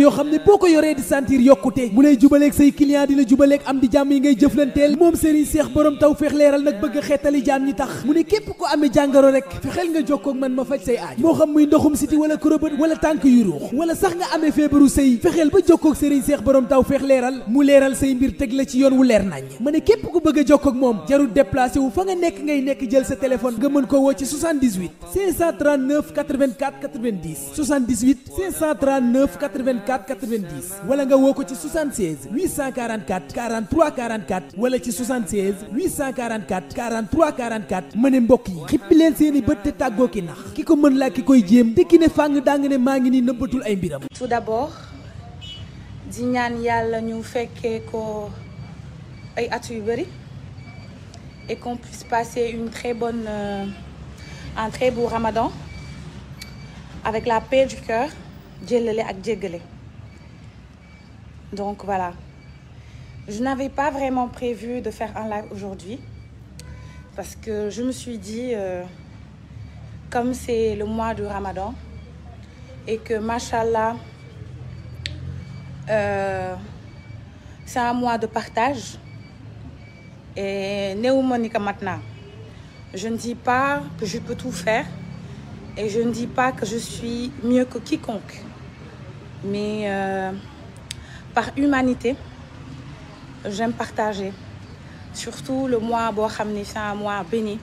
yoo xam ne boo ko yoree di sentir yokkute mu lay jubaleeg say client di la am di jàmm yi ngay jëflanteel moom Serigne Cheikh borom taw feex leeral nag bëgg a xeetali jaam tax mu ne képp ko amee jàngoro rek fexeel nga jokkoo man ma faj say aaj moo xam muy ndoxum siti wala kurobët wala tànk yu ruux wala sax nga amee feebaru sëy fexeel ba jokkoo ak Serigne Cheikh borom taw feex leeral mu leeral say mbir teg la ci yoon wu leer nañ ma ne képp ku bëgg a jokkoo ak moom jarul déplacé wu fa nga nekk ngay nekk jël sa téléphone nga mën ko woo 844 90 wala nga woo ko ci 76 844 43 44 wala ci 76 844 43 44 ma ne mbokk yi xippi leen seeni bët te tàggoo ki nax ki ko mën laa ki koy jéem te ki ne fàng daa nga ne maa ngi nii nëbbatul ay mbiram. tout d'abord di ñaan yàlla ñu fekkee ko ay at yu bëri et qu'on puisse passer une très bonne euh, un très ramadan avec la paix du cœur jëlale ak jéggale donc voilà je n'avais pas vraiment prévu de faire un live aujourd'hui parce que je me suis dit euh, comme c'est le mois du Ramadan et que machallah euh, c'est un mois de partage et néewuma ni que mat naa je ne dis pas que je peux tout faire et je ne dis pas que je suis mieux que quiconque mais euh, par humanité j'aime partager surtout le mois boo xam ni c'est mois béni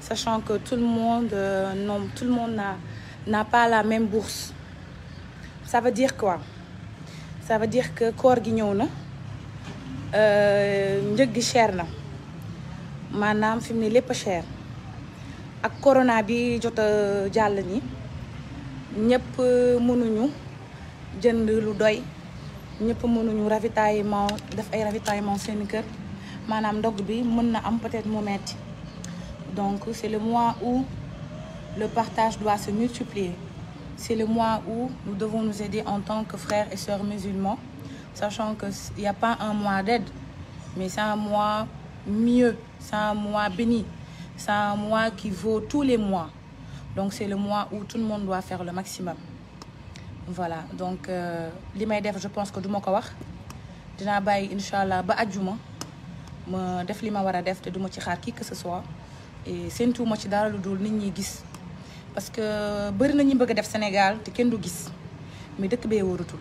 sachant que tout le monde euh, non tout le monde n'a n'a même bourse ça veut dire quoi ça veut dire que gi ñëw na euh, njëg gi cher na maanaam fi lépp a ak corona bi jot jàll ni ñëpp mënuñu jënd lu doy ñëpp mënuñu ravitaillement def ay ravitaillement seen kër maanaam ndog bi mën na am peut-être mu metti donc c'est le mois où le partage doit se multiplier c'est le mois où nous devons nous aider en tant que frères et sœurs musulmans sachant que il n'y a pas un mois d'aide mais c'est un mois mieux c'est un mois béni c'est un mois qui vaut tous les mois donc c'est le mois où tout le monde doit faire le maximum voilà donc euh, li may def je pense que duma ko wax dinaa bàyyi incha allah ba àjjuma ma def li ma war a def te duma ci xaar kii que ce soit et séntu ma ci dara lu dul nit ñi gis parce que bëri na ñu bëgg def Sénégal te kenn du gis mais dëkk bee wóorutul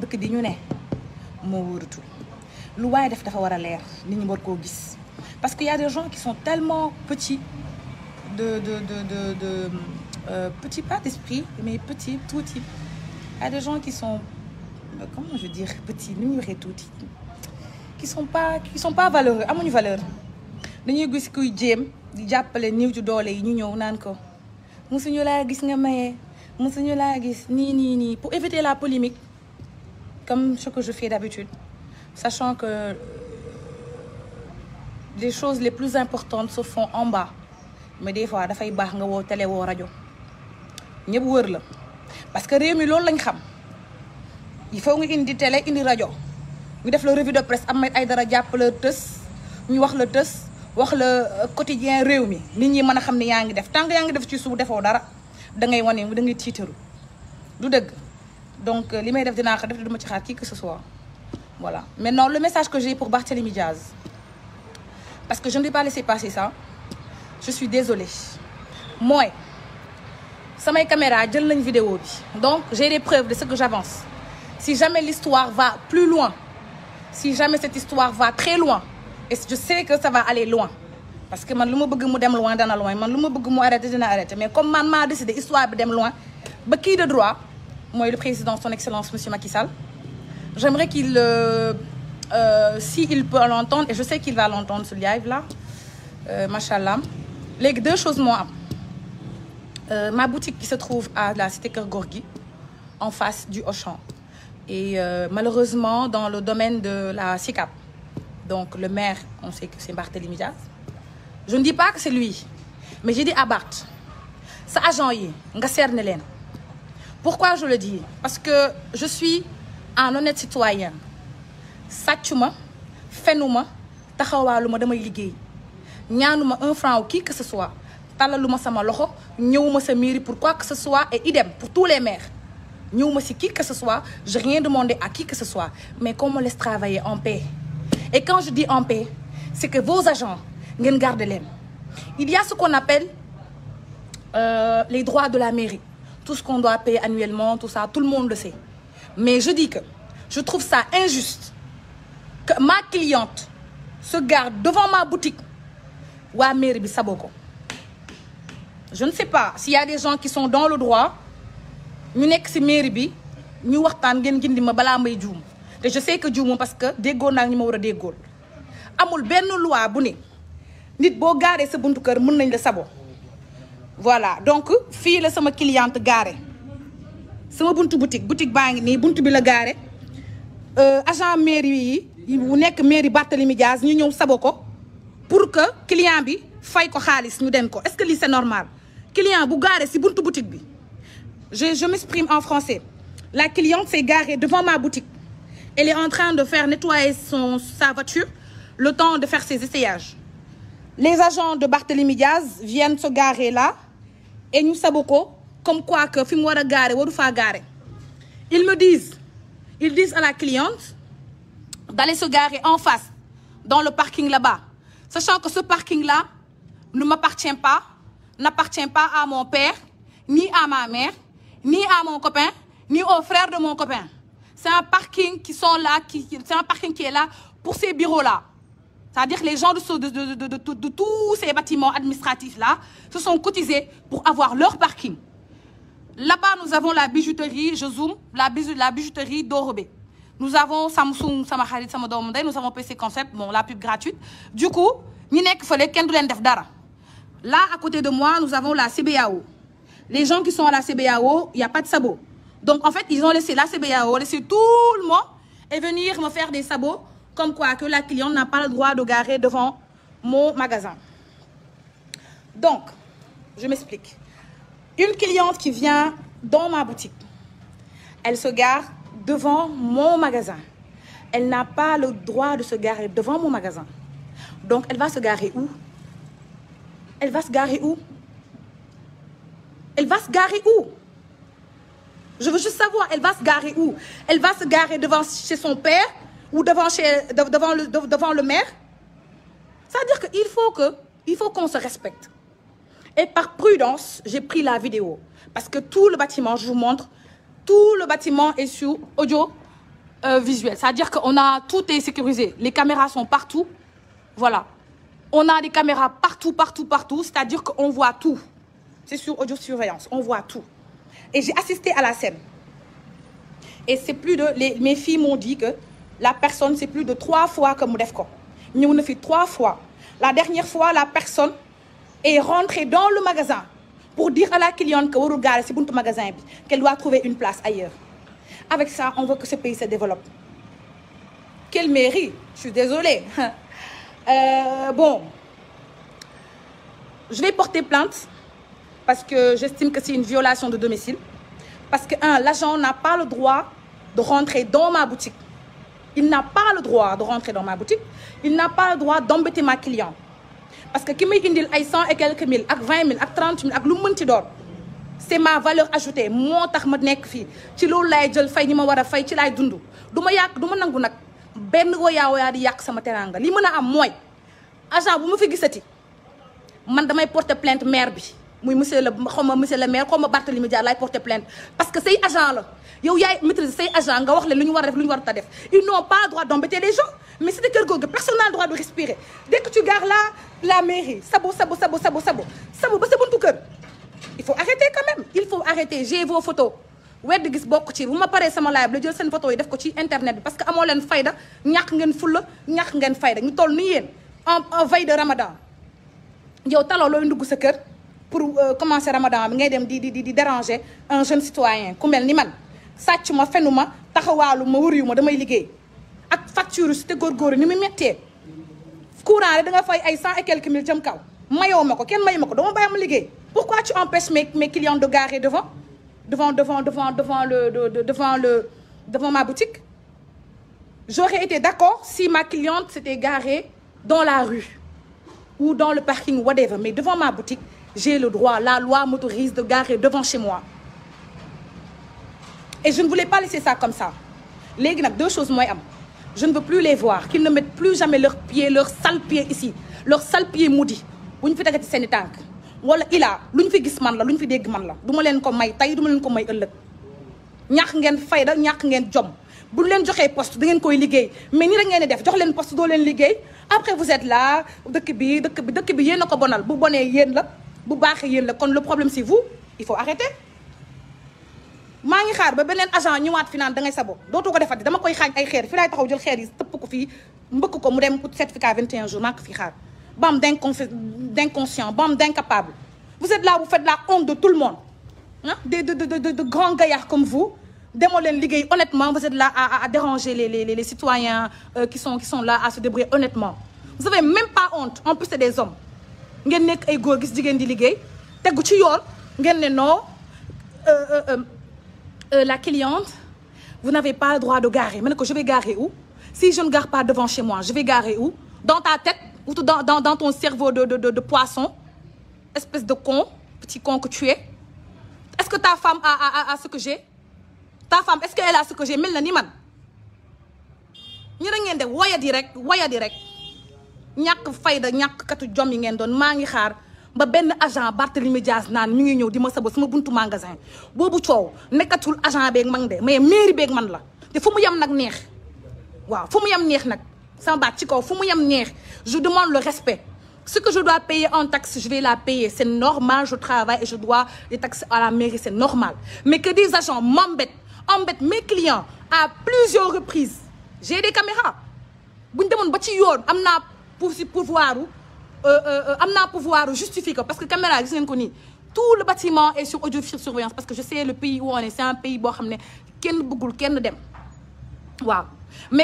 dëkk bi ñu ne moo wóorutul lu waaye def dafa war a leer nit ñi war koo gis parce que y a des gens qui sont tellement petits de de de de de. euh, petit, pas d'esprit, mais petit, tout type. Il y a des gens qui sont, euh, comment je veux dire, petits, et tout type. Qui sont pas, qui sont pas valeureux, à mon valeur. dañuy gis kuy jéem di jàppale niw ju doole yi ñu ñëw naan ko musuñu laa gis nga maye musuñu laa gis nii nii nii pour éviter la polémique comme ce que je fais d'habitude sachant que euh, les choses les plus importantes se font en bas mais des fois dafay baax nga woo tele woo rajo ñëpp wër la parce que réew mi loolu lañ xam il faut nga indi tele indi rajo ñu def la revue de presse am ay dara jàpp la tës ñu wax la tës wax la euh, quotidien réew mi nit ñi mën a xam ne yaa ngi def tant yaa ngi def ci suuf defoo dara dangay ngay mu da ngay tiitaru du dëgg donc euh, li may def dinaa ko def duma ci xaar kii que ce soit voilà noonu le message que j'ai pour baax Barthélémy Diaz parce que je ne vais pas laisser passer ça je suis désolée samay caméra jël nañ vidéo bi donc j'ai des preuves de ce que j'avance si jamais l'histoire va plus loin si jamais cette histoire va très loin et je sais que ça va aller loin parce que man lu ma bëgg mu dem loin dana loin man lu ma bëgg mu arrêté dina arrêté mais comme man maa décidé histoire bi dem loin ba kii de droit mooy le président son excellence monsieur Macky Sall j'aimerais qu'il euh, euh, si il peut l'entendre et je sais qu'il va l'entendre ce live là euh, léegi deux choses moo am Euh, ma boutique qui se trouve à la cité Kergorgi, en face du Auchan. Et euh, malheureusement, dans le domaine de la SICAP, donc le maire, on sait que c'est Barthélémy Diaz. Je ne dis pas que c'est lui, mais j'ai dit à Bart, sa agent yi, nga cerner leen. Pourquoi je le dis? Parce que je suis un honnête citoyen. sàccuma fenuma taxawaaluma damay liggéey ñaanuma un franc ou qui que ce soit. tàllaluma sama loxo ñëwuma sa mairie pour quoi que ce soit et idem pour tous les maires ñëwuma si qui que ce soit j'ai rien demandé à qui que ce soit mais qu'on me laisse travailler en paix et quand je dis en paix c'est que vos agents ngeen garder leen il y a ce qu'on euh, les droits de la mairie tout ce qu'on doit payer annuellement tout ça tout le monde le sait mais je dis que je trouve ça injuste que ma cliente se garde devant ma boutique waa mairie bi saboo ko je ne sais pas s'il y des gens qui sont dans le droit ñu nekk ci mairie bi ñu waxtaan ngeen gindi ma balaa may juum te je sais que juumu parce que déggoo naa ñu ma war a déggool amul benn loi bu ne nit boo gaaree sa buntu kër mun nañ la sabo voilà donc fii la sama cliente gaare sama buntu boutique boutique baa ngi nii buntu bi la gaare euh, agent mairie yi bu nekk mairie Barthélemy Diaz ñu ñëw sabo ko pour que client bi fay ko xaalis ñu dem ko est-ce que lii c'est client bu garé si buntu boutique bi je m'exprime en français la cliente s'est garée devant ma boutique elle est en train de faire nettoyer sa voiture le temps de faire ses essayages les agents de Barthélémy Diaz viennent se garer là et ñu sabo ko comme quoi que fi mu war a garer waru faa garer ils me disent ils disent à la cliente d'aller se garer en face dans le parking là-bas sachant que ce parking là ne m'appartient pas n'appartient pas à mon père, ni à ma mère, ni à mon copain, ni aux frères de mon copain. C'est un parking qui sont là, qui, c'est un parking qui est là pour ces bureaux-là. C'est-à-dire les gens de, de, de, de, tous ces bâtiments administratifs-là se sont cotisés pour avoir leur parking. Là-bas, nous avons la bijouterie, je zoome, la, la bijouterie d'Orobé. Nous avons Samsung, Samahari, Samadomde, nous avons PC Concept, bon, la pub gratuite. Du coup, nous n'avons pas fait Là, à côté de moi, nous avons la CBAO. Les gens qui sont à la CBAO, il n'y a pas de sabots. Donc, en fait, ils ont laissé la CBAO, laissé tout le monde et venir me faire des sabots, comme quoi que la cliente n'a pas le droit de garer devant mon magasin. Donc, je m'explique. Une cliente qui vient dans ma boutique, elle se gare devant mon magasin. Elle n'a pas le droit de se garer devant mon magasin. Donc, elle va se garer où elle va se garer où Elle va se garer où Je veux juste savoir, elle va se garer où Elle va se garer devant chez son père ou devant, chez, devant, le, devant le maire C'est-à-dire qu'il faut que, il faut qu'on se respecte. Et par prudence, j'ai pris la vidéo. Parce que tout le bâtiment, je vous montre, tout le bâtiment est sur audio euh, visuel. C'est-à-dire qu'on a tout est sécurisé. Les caméras sont partout. Voilà. On a des caméras partout, partout, partout. C'est-à-dire qu'on voit tout. C'est sur audio-surveillance. On voit tout. Et j'ai assisté à la scène. Et c'est plus de... Les, mes filles m'ont dit que la personne, c'est plus de trois fois que Moudefko. Nous avons fait trois fois. La dernière fois, la personne est rentrée dans le magasin pour dire à la cliente que regarde, c'est bon le magasin, qu'elle doit trouver une place ailleurs. Avec ça, on veut que ce pays se développe. Quelle mairie Je suis désolée. Euh, bon, je vais porter plainte parce que j'estime que c'est une violation de domicile. Parce que, un, l'agent n'a pas le droit de rentrer dans ma boutique. Il n'a pas le droit de rentrer dans ma boutique. Il n'a pas le droit d'embêter ma client. Parce que qui may indil ay 100 et mille, ak 20 000, ak 30 000, ak lu mën ci doon. c'est ma valeur ajoutée moo tax ma nekk fii ci loolu laay jël fay ñi ma war a fay ci laay dund du ma yàq du ma nangu nag benn woyaa woyaa di yàq sama teraanga li mën a am mooy agent bu ma fi gisati man damay porter plainte maire bi muy monsieur le xaw ma monsieur le maire xaw ma Barthélemy Dias laay porter plainte parce que say agent la yow yaay maîtriser say agent nga wax leen lu ñu war a def lu ñu war a def ils n'ont pas droit d'embêter les gens mais c'est kër googu personne droit de respirer dès que tu gares là la mairie sabo sabo sabo sabo sabo sabo ba sa buntu kër il faut arrêter quand même il faut arrêter j'ai wedd gis bokk ci bu ma paree sama live la jël seen photo yi def ko ci internet bi parce que amoo leen fayda ñàkk ngeen fulla ñàkk ngeen fayda ñu toll ni yéen en veille de ramadan yow taloo looy dugg sa kër pour euh, commencer ramadan bi ngay dem di di di déranger un jeune citoyen ku mel ni man sàcc ma fenu ma taxawaalu ma wër yu ma damay liggéey ak facture si te góorgóoru ni mu méttee courant rek da nga fay ay cent et quelques mille jëm kaw mayoo ma ko kenn mayu ma ko dama bàyyi ma liggéey pourquoi tu empêches mes mes clients de garer devant devant, devant, devant, devant, de, de, devant, le, devant ma boutique. J'aurais été d'accord si ma cliente s'était garée dans la rue ou dans le parking, whatever. Mais devant ma boutique, j'ai le droit. La loi m'autorise de garer devant chez moi. Et je ne voulais pas laisser ça comme ça. Les gars, deux choses, moi, je ne veux plus les voir. Qu'ils ne mettent plus jamais leurs pieds, leurs sales pieds ici. Leurs sales pieds maudits. Ou une fête à wala ilaa lu ñu fi gis man la lu ñu fi dégg man la duma leen ko may tey du ma leen ko may ëllëg ñàkk ngeen fayda ñàkk ngeen jom bu ñu leen joxee post da ngeen koy liggéey mais ni rek ngeen di def leen poste doo leen liggéey après vous êtes là dëkk bi dëkk bi dëkk bi yéen a ko bonal bu bonee yéen la bu baaxee yéen la kon le problème c'est vous il faut arrêter maa ngi xaar ba beneen agent waat fi naan da ngay sabo dootoo ko defati dama koy xaañ ay xeer fi laay taxaw jël xeer yi tëpp ko fii mbëkk ko mu dem certificat 21 jours maa ko fi xaar bande d'inconscients, bande d'incapables. Vous êtes là, vous faites la honte de tout le monde. Hein? Des, de, de, de, de, grands gaillards comme vous, démolène honnêtement, vous êtes là à, à déranger les, les, les, les citoyens euh, qui, sont, qui sont là à se débrouiller honnêtement. Vous n'avez même pas honte, en plus c'est des hommes. Vous êtes des gens qui sont là, vous non, euh, euh, euh, la cliente, vous n'avez pas le droit de garer. Maintenant que je vais garer où Si je ne gare pas devant chez moi, je vais garer où Dans ta tête, ou dans, dans, dans, ton cerveau de, de, de, de, poisson, espèce de con, petit con que tu est que ta femme a, a, a, a ce que Ta femme, est-ce qu'elle a ce que Mel na ni man. ñi ngeen de waya di rek waya di rek ñàkk fayda ñàkk katu jom yi ngeen doon maa ngi xaar ba benn agent Barthélemy Dias naan mu ngi ñëw di ma saba suma buntu magasin boobu coow nekkatul agent beeg man de mais mairie beeg man la te fu mu yem nag neex waaw fu mu yem neex nag sama baat ci kaw fu mu yem neex je demande le respect ce que je dois payer en taxe je vais la payer c'est normal je travaille et je dois les taxes à la mairie c'est normal mais que des agents m'embêtent embêtent mes clients à plusieurs reprises j'ai des caméras bu ñu demoon ba ci yoon am na pour si pouvoir euh, euh, euh, am naa pouvoir justifier ko parce que caméra gis ngeen ko nii tout le bâtiment est sur audio-surveillance parce que je sais le pays où on est un pays boo xam ne kenn bëggul kenn dem waaw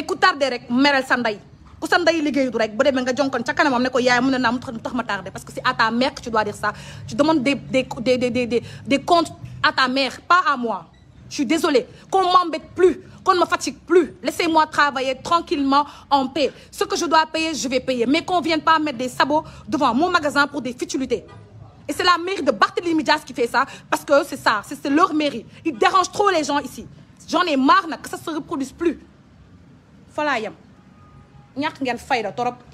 ku tardé rek merel sa ndey ku sa ndey liggéeyut rek bu demee nga jonkoon ca kanamam ne ko yaay mu ne naa mu ma tardé parce que c'est à ta mère que tu dois dire ça tu demandes des des des comptes à ta mère pas à moi je suis désolée qu'on m'embête plus qu'on me fatigue plus laissez-moi travailler tranquillement en paix ce que je dois payer je vais payer mais qu'on vienne pas mettre des sabots devant mon magasin pour des futilités et c'est la mairie de Barthélémy qui fait ça parce que c'est ça c'est leur mairie ils dérangent trop les gens ici j'en ai marre nag ñàkk ngeen fayda torop